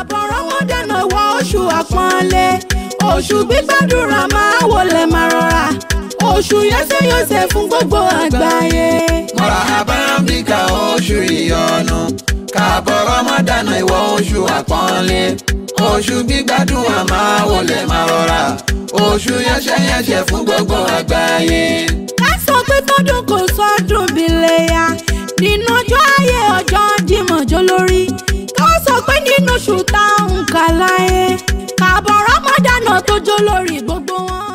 àbọ̀ rọ́mọdánà wọ oṣù àpọ́nlé oṣù gbígbàdúrà máa wọlé máa rọra oṣù yẹsẹ yọsẹ fún gbogbo àgbáyé. mọ̀rà àbámbíkà oṣù ìyọnu kàbọ̀ rọ́mọdánà ìwọ oṣù àpọ́nlé oṣù gbígbádùn máa wọlé máa rọra oṣù yẹsẹ yẹsẹ fún gbogbo àgbáyé. ká sọ pé tọdún kò sọdún bí léya nínú ọjọ́ ayé ọjọ́ Jímọ̀ jólórí pé nínú oṣù tá à ń kà láyé kàbọ̀ rámọ́dánà tó jó lórí gbogbo wọn.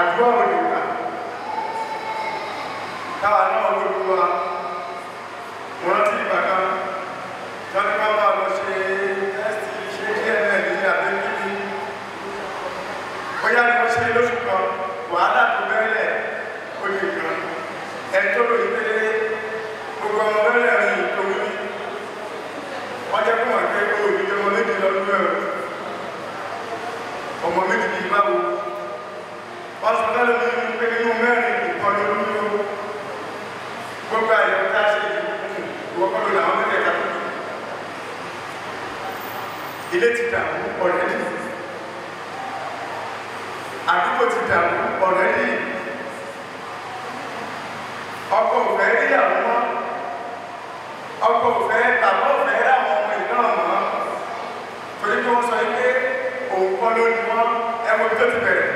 àdúrà òde gbà káwa náà ló wá wọn ti. ilé ti dàrú ọ̀rẹ́dì àdúgbò ti dàrú ọ̀rẹ́dì ọkọ òfẹ́ ríyàwó mọ́ ọkọ òfẹ́ tàbí òfẹ́ ráwọn ọmọ ìlú náà mọ́ torí pé wọ́n sọ pé òun kọ́ ló ní wọ́n ẹ̀wọ̀n tó ti bẹ̀rẹ̀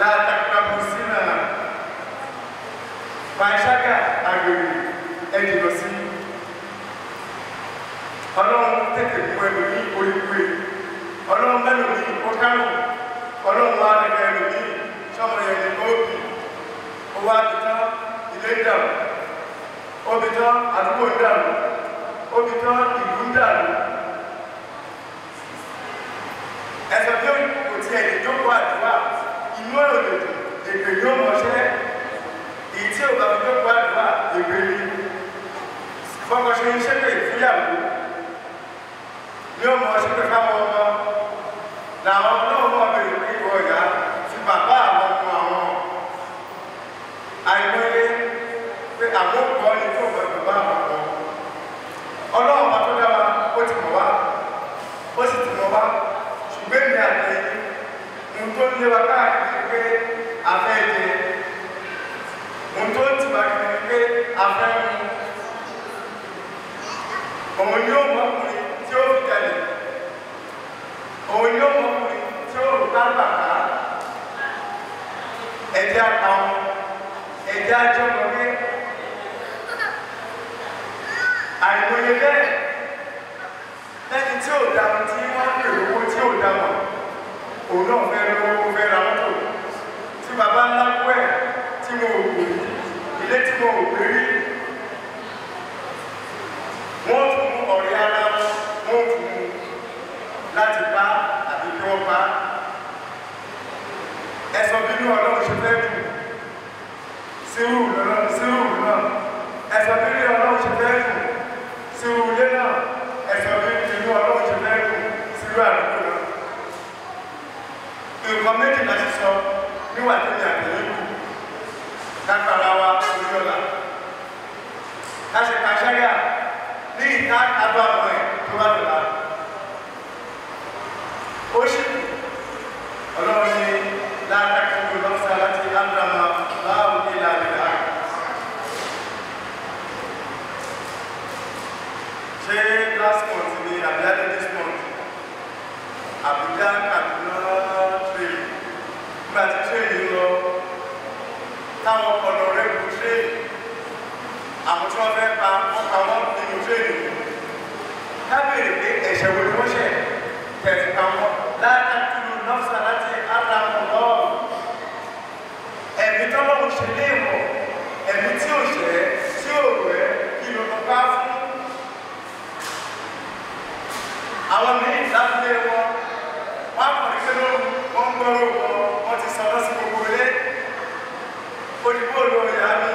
látàkùnàkù sínú àìṣáká àgbèrè ẹ̀dùn lọ sí ọlọ́run tètè mú ẹnu ní oríkúwe ọlọ́run mẹ́nu ní ọkánù ọlọ́run wá nínú ẹnu ní sọmọ yẹn ní òbí owó àbítọ́ ilé ìdàrú òbítọ́ àdúgbò ìdàrú òbítọ́ ìlú ìdàrú ẹ̀sọ́ tó kò tiẹ̀ lè jókòó àdúrà inú ẹ̀rọ lòdì èpè yóò mọ̀ṣẹ́ èyí tí ò bá fi jókòó àdúrà èpè ni bọ́kọ̀ ṣe ń ṣépè ní ọmọ ọsẹ pé káwọn ọmọ làwọn ọlọ́wọ́ bèrè pé ìwọ ìyá ti bàbá àwọn ọmọ àwọn àìmọye pé àwọn ọkọ ni o wọ ìgbà àwọn ọmọ ọlọ́wọ́ bá tó dára ó ti mọ̀ wá ó sì ti mọ̀ wá ṣùgbọ́n èmi àti ohun tó ní wa káàkiri pé afẹ́ ẹ̀jẹ̀ ohun tó ti wá kiri pé tí ó fi jáde òun yóò mọ ọkùnrin tí ó rùn lágbà ká ẹ̀jẹ̀ àpamọ́ ẹ̀jẹ̀ àjọmọ̀gbé àìmọye bẹ́ẹ̀ lẹ́ni tí ò dá ohun tí wọ́n ń lè lówó tí ò dá ẹ̀sọ́ bínú ọlọ́run ṣe fẹ́ dùn sírù náà sírù náà ẹ̀sọ́ bínú ọlọ́run ṣe fẹ́ dùn sírù ilé náà ẹ̀sọ́ bínú ọlọ́run ṣe fẹ́ dùn sírù àdúgbò náà. nǹkan méjì la ti sọ níwà tó ní àtẹ̀lé kù lápára wa lórí ọ̀la. láti kàṣẹ́yà ní ìta àbá àwọn ẹ̀ tó wà lọ́la. ó ṣì ọlọ́run ní. لا تكتب النفس التي ألم الله إلا بالحق ṣé last month ni àbí adé this month Àbújá Kaduna train nígbà tí train yìí lọ táwọn ọ̀nà rẹ̀ kú train àwọn tí wọ́n fẹ́ pa wọ́n pa wọ́n nínú train yìí ṣe léèwọ̀ ẹ̀mí tí ò ṣẹ́ tí ò rẹ̀ kí ló lọ bá fún. àwọn míì lábúlé wọn wọn kàn ní pẹ́lú wọn ń gbọ́rọ̀ wọn wọn ti sọ lọ́sí gbogbo ilé òdìbò lọ ìyá mi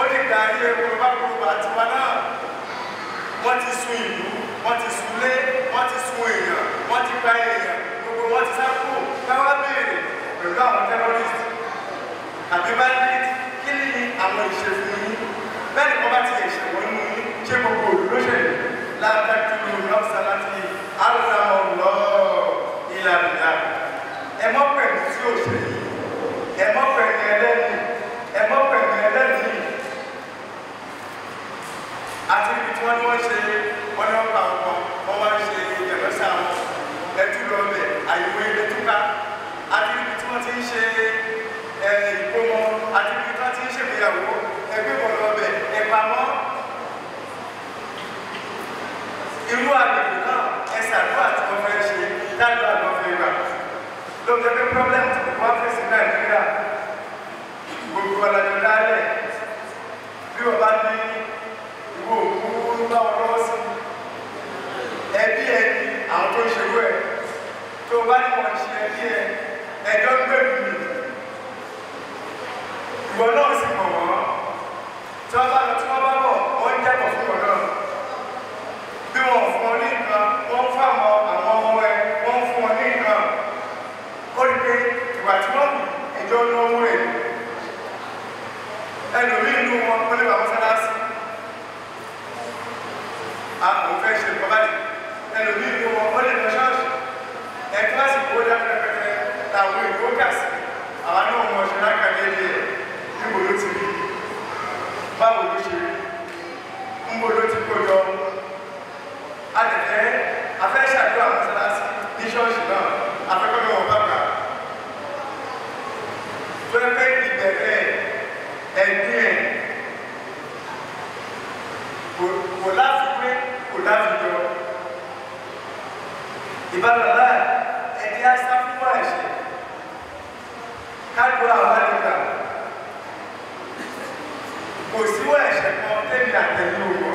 ó ní gàrí ewu bá gbogbo àtiwá náà pẹ̀lú àwọn terrorist àbí bandit kí ni àwọn ìṣèfún yín bẹ́ẹ̀ ni wọ́n bá ti lè ṣẹ̀wọ́n nínú yín ṣé gbogbo olùlóṣèlú látàkì ní ọ̀sán láti àlùfáà lọ ìlànà ẹ mọ́ pẹ̀lú tí ó ṣe yìí ẹ mọ́ pẹ̀lú ẹlẹ́yìn ẹ mọ́ pẹ̀lú ẹlẹ́yìn àti ibi tí wọ́n ní wọ́n ṣe wọ́n ní wọ́n pa wọn wọ́n wá ń ṣe ìjẹ̀lọ́sà wọn ẹtú lọ́ọ̀bẹ̀ àyẹ̀wò ilé ń ṣe ìkómọ àti ibi tí wọ́n ti ń ṣègbéyàwó ẹgbẹ́ bọ̀lọ́ ọbẹ̀ ẹ̀pamọ́ irú àgbègbè náà ẹsẹ̀ àdúrà tí wọ́n fẹ́ ṣe dáadáa lọ fẹ́ gbà ló ń tẹ́lẹ̀ pírọ́blẹ́mù tí wọ́n fẹ́ sí nàìjíríà gbogbo ọ̀làjọ dálẹ̀ bí wọ́n bá ní ìwọ òkú bá wọn lọ́wọ́ sí ẹbí ẹni àwọn tó ń ṣerú ẹ̀ tó bá ní wọn ṣe ẹbí ẹ̀ ẹjọ́ ń gbé mi ìwọ náà sì mọ̀ wọ́n tí wọ́n bá lọ tí wọ́n bá bọ̀ wọ́n ń jẹ́kọ̀ọ́ fún wọn náà bí wọn fún wọn ní nǹkan wọ́n fún àwọn àwọn ọmọ ẹ wọ́n fún wọn ní nǹkan ó rí pé ìwà tí wọ́n kù ẹjọ́ ń lọ́wọ́ rẹ̀ ẹlòmíín nù wọn kó lè wà mọ́sálásí a kò fẹ́ ṣe kọ́bálì ẹlòmíín nù wọn kó lè lọ ṣọ́ọ̀ṣì làwọn èèyàn ó kà sí àwọn náà mọ̀ ṣe lákàlẹ́ ilé ẹ̀ níbo ló ti rí báwo ló ṣe rí níbo ló ti kó jọ adẹ̀fẹ́ afẹ́ ṣàdúrà mọ́sálásí ní ṣọ́ọ̀ṣì náà afẹ́kọ́ mi wọ̀n bàbà pẹ́pẹ́ kò síwọ́ ẹ̀ṣẹ̀ kan tẹ́mi àtẹ̀mí òwò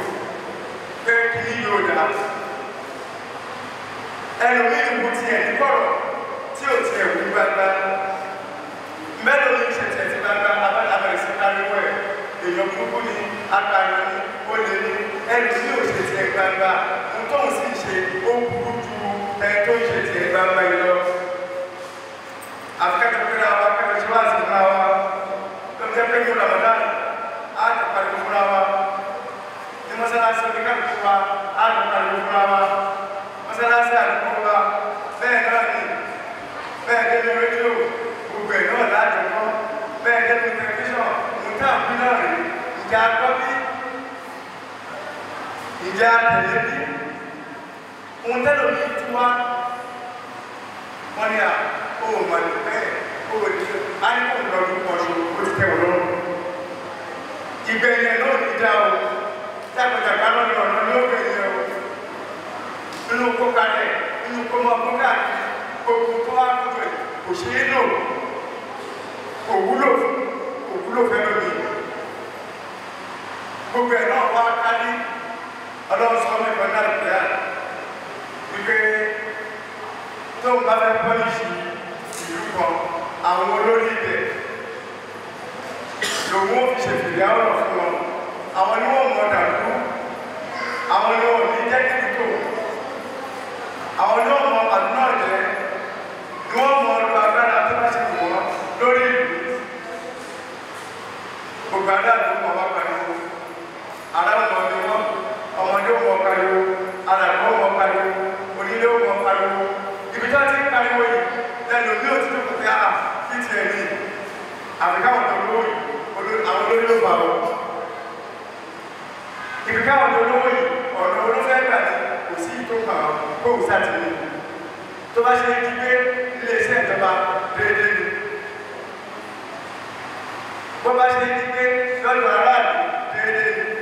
pé kí ní yóò dá ẹlòmíì mú tiẹ̀ ní kọ̀rọ̀ tí ò tiẹ̀ wù gbangba mẹ́lòó ní ṣe tiẹ̀ ti gbangba abẹ́rẹ́ sí ariwo ẹ̀ èèyàn kúkú ni apààyàn ni olè ni ẹni tí ò ṣe tiẹ̀ gbangba ń tóun sì ṣe ó kú. kó o mọ̀lú ẹ̀ kó o di alẹ́kùn lọ́dún pọ̀ṣù ó ti tẹ̀ wọ́n lọ́rùn. ìgbẹ̀yìn náà ti dá o tágbàtàgbà lọ́dún ọ̀nà ni ó bẹ̀rẹ̀ yẹ o. inú kó kalẹ̀ inú kó mọ kó káàkiri gbogbo kó wá kó tó yẹ kò ṣe é lò kò kan àwọn olórí ibẹ̀ lòun ò fi ṣèfìlẹ̀ ọ̀rọ̀ fún wọn àwọn ni wọ́n mọ̀ dàdú àwọn ni wọ́n ní jẹ́ kí tó àwọn ni wọ́n mọ̀ àdúrà jẹ́ ni wọ́n mọ̀ lu agbára tó bá ṣe wọ́n lórí ìlú gbogbo adáàbò mọ̀ wá pariwo adáàbò ni wọ́n ọmọdé mọ̀ pariwo alàgbọ́ mọ̀ pariwo onílé mọ̀ pariwo ibi tí wọ́n ti ń pariwo yìí lẹ́nu ní òtítọ́ kí tiẹ̀ ní àfikà wọn tó lówó yìí àwọn olórí ló bá wọn ìfikà wọn tó lówó yìí ọ̀nà olófẹ́ gbà ní kò sí tó kà wọn kó o sàtìlẹ tó bá ṣe kí pé iléeṣẹ́ ìjọba déédéé ni bó bá ṣe kí pé lọ́dọ̀ aráàlú déédéé ni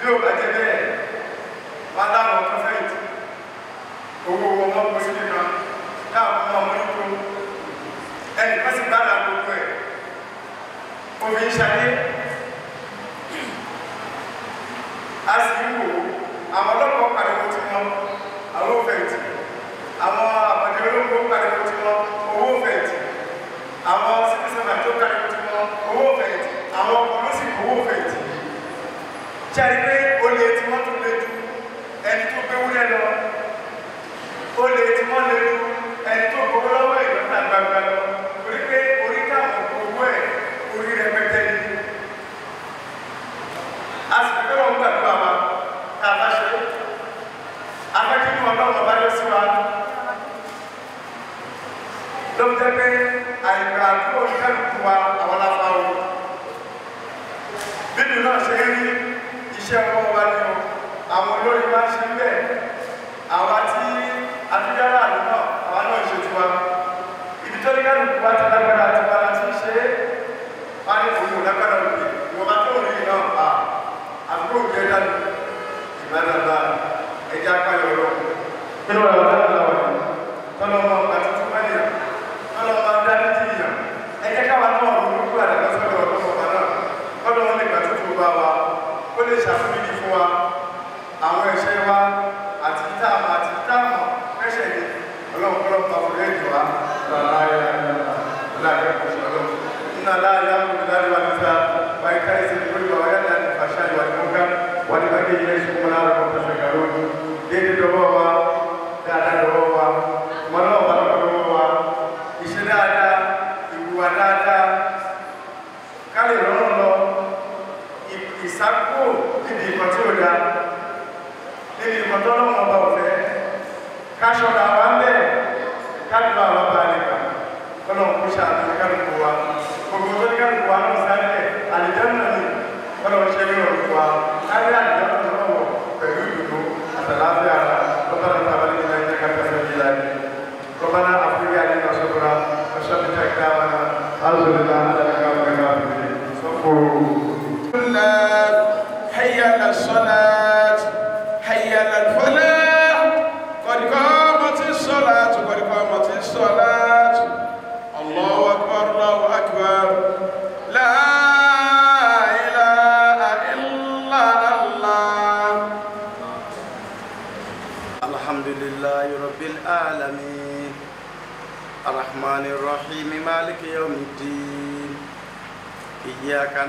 bí ó bàjẹ́ bẹ́ẹ̀ wá láwọn tó fẹ́yìntì owó wọn mọ́ kó sí kíkan káàmù náà mọ́ ní kó ẹnì kan sì gbára gbogbo ẹ̀ òfin ṣadé a sì ń wò àwọn ọlọ́pàá pàdé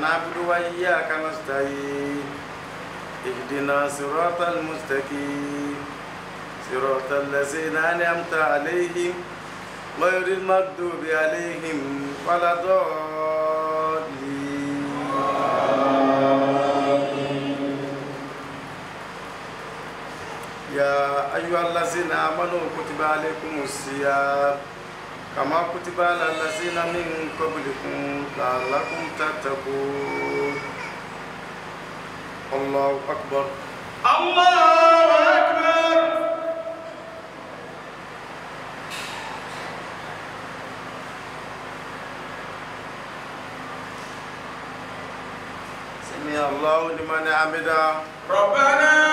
نعبد وإياك نستعين اهدنا صراط المستقيم صراط الذين أنعمت عليهم غير المغضوب عليهم ولا ضالين يا أيها الذين آمنوا كتب عليكم الصيام كما كتب على الذين من قبلكم لعلكم تتقون الله أكبر الله أكبر سمع الله لمن حمده ربنا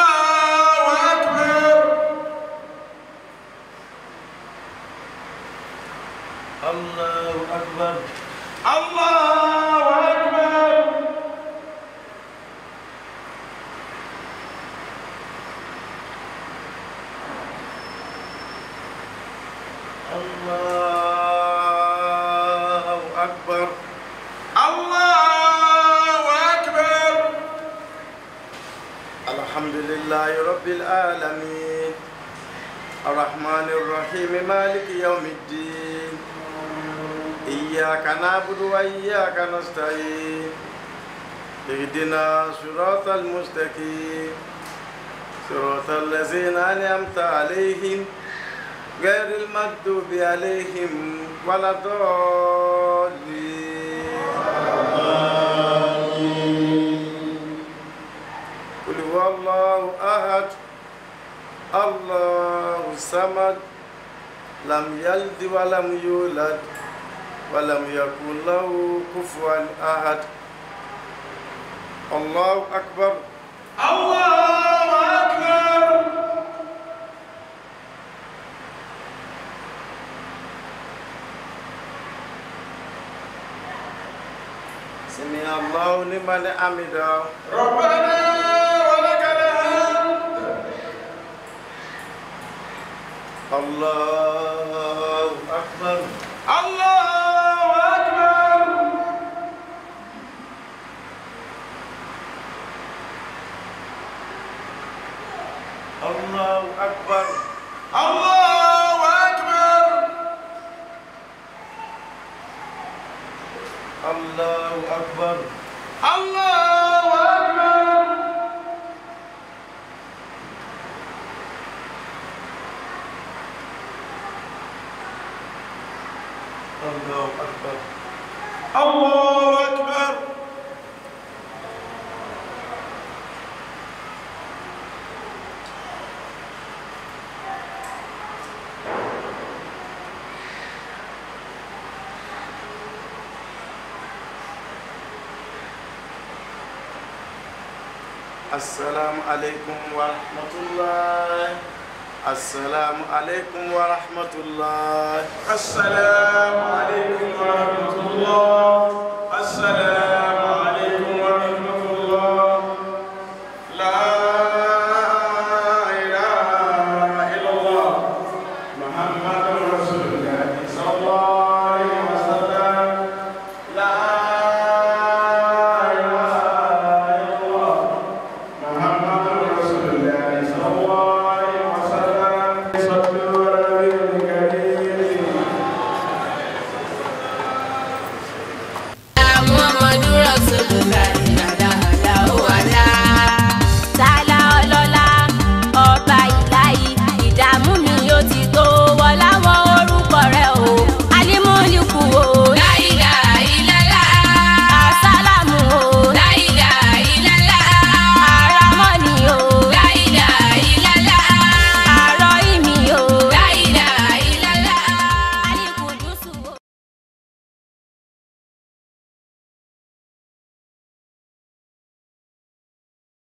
إياك نستعين اهدنا صراط المستقيم صراط الذين أنعمت عليهم غير المكتوب عليهم ولا الضالين قل هو الله أحد الله الصمد لم يلد ولم يولد ولم يكن له كفوا أحد الله أكبر الله أكبر سمع الله لمن امدا ربنا ولك الحمد الله السلام عليكم ورحمة الله السلام عليكم ورحمة الله السلام عليكم ورحمة الله السلام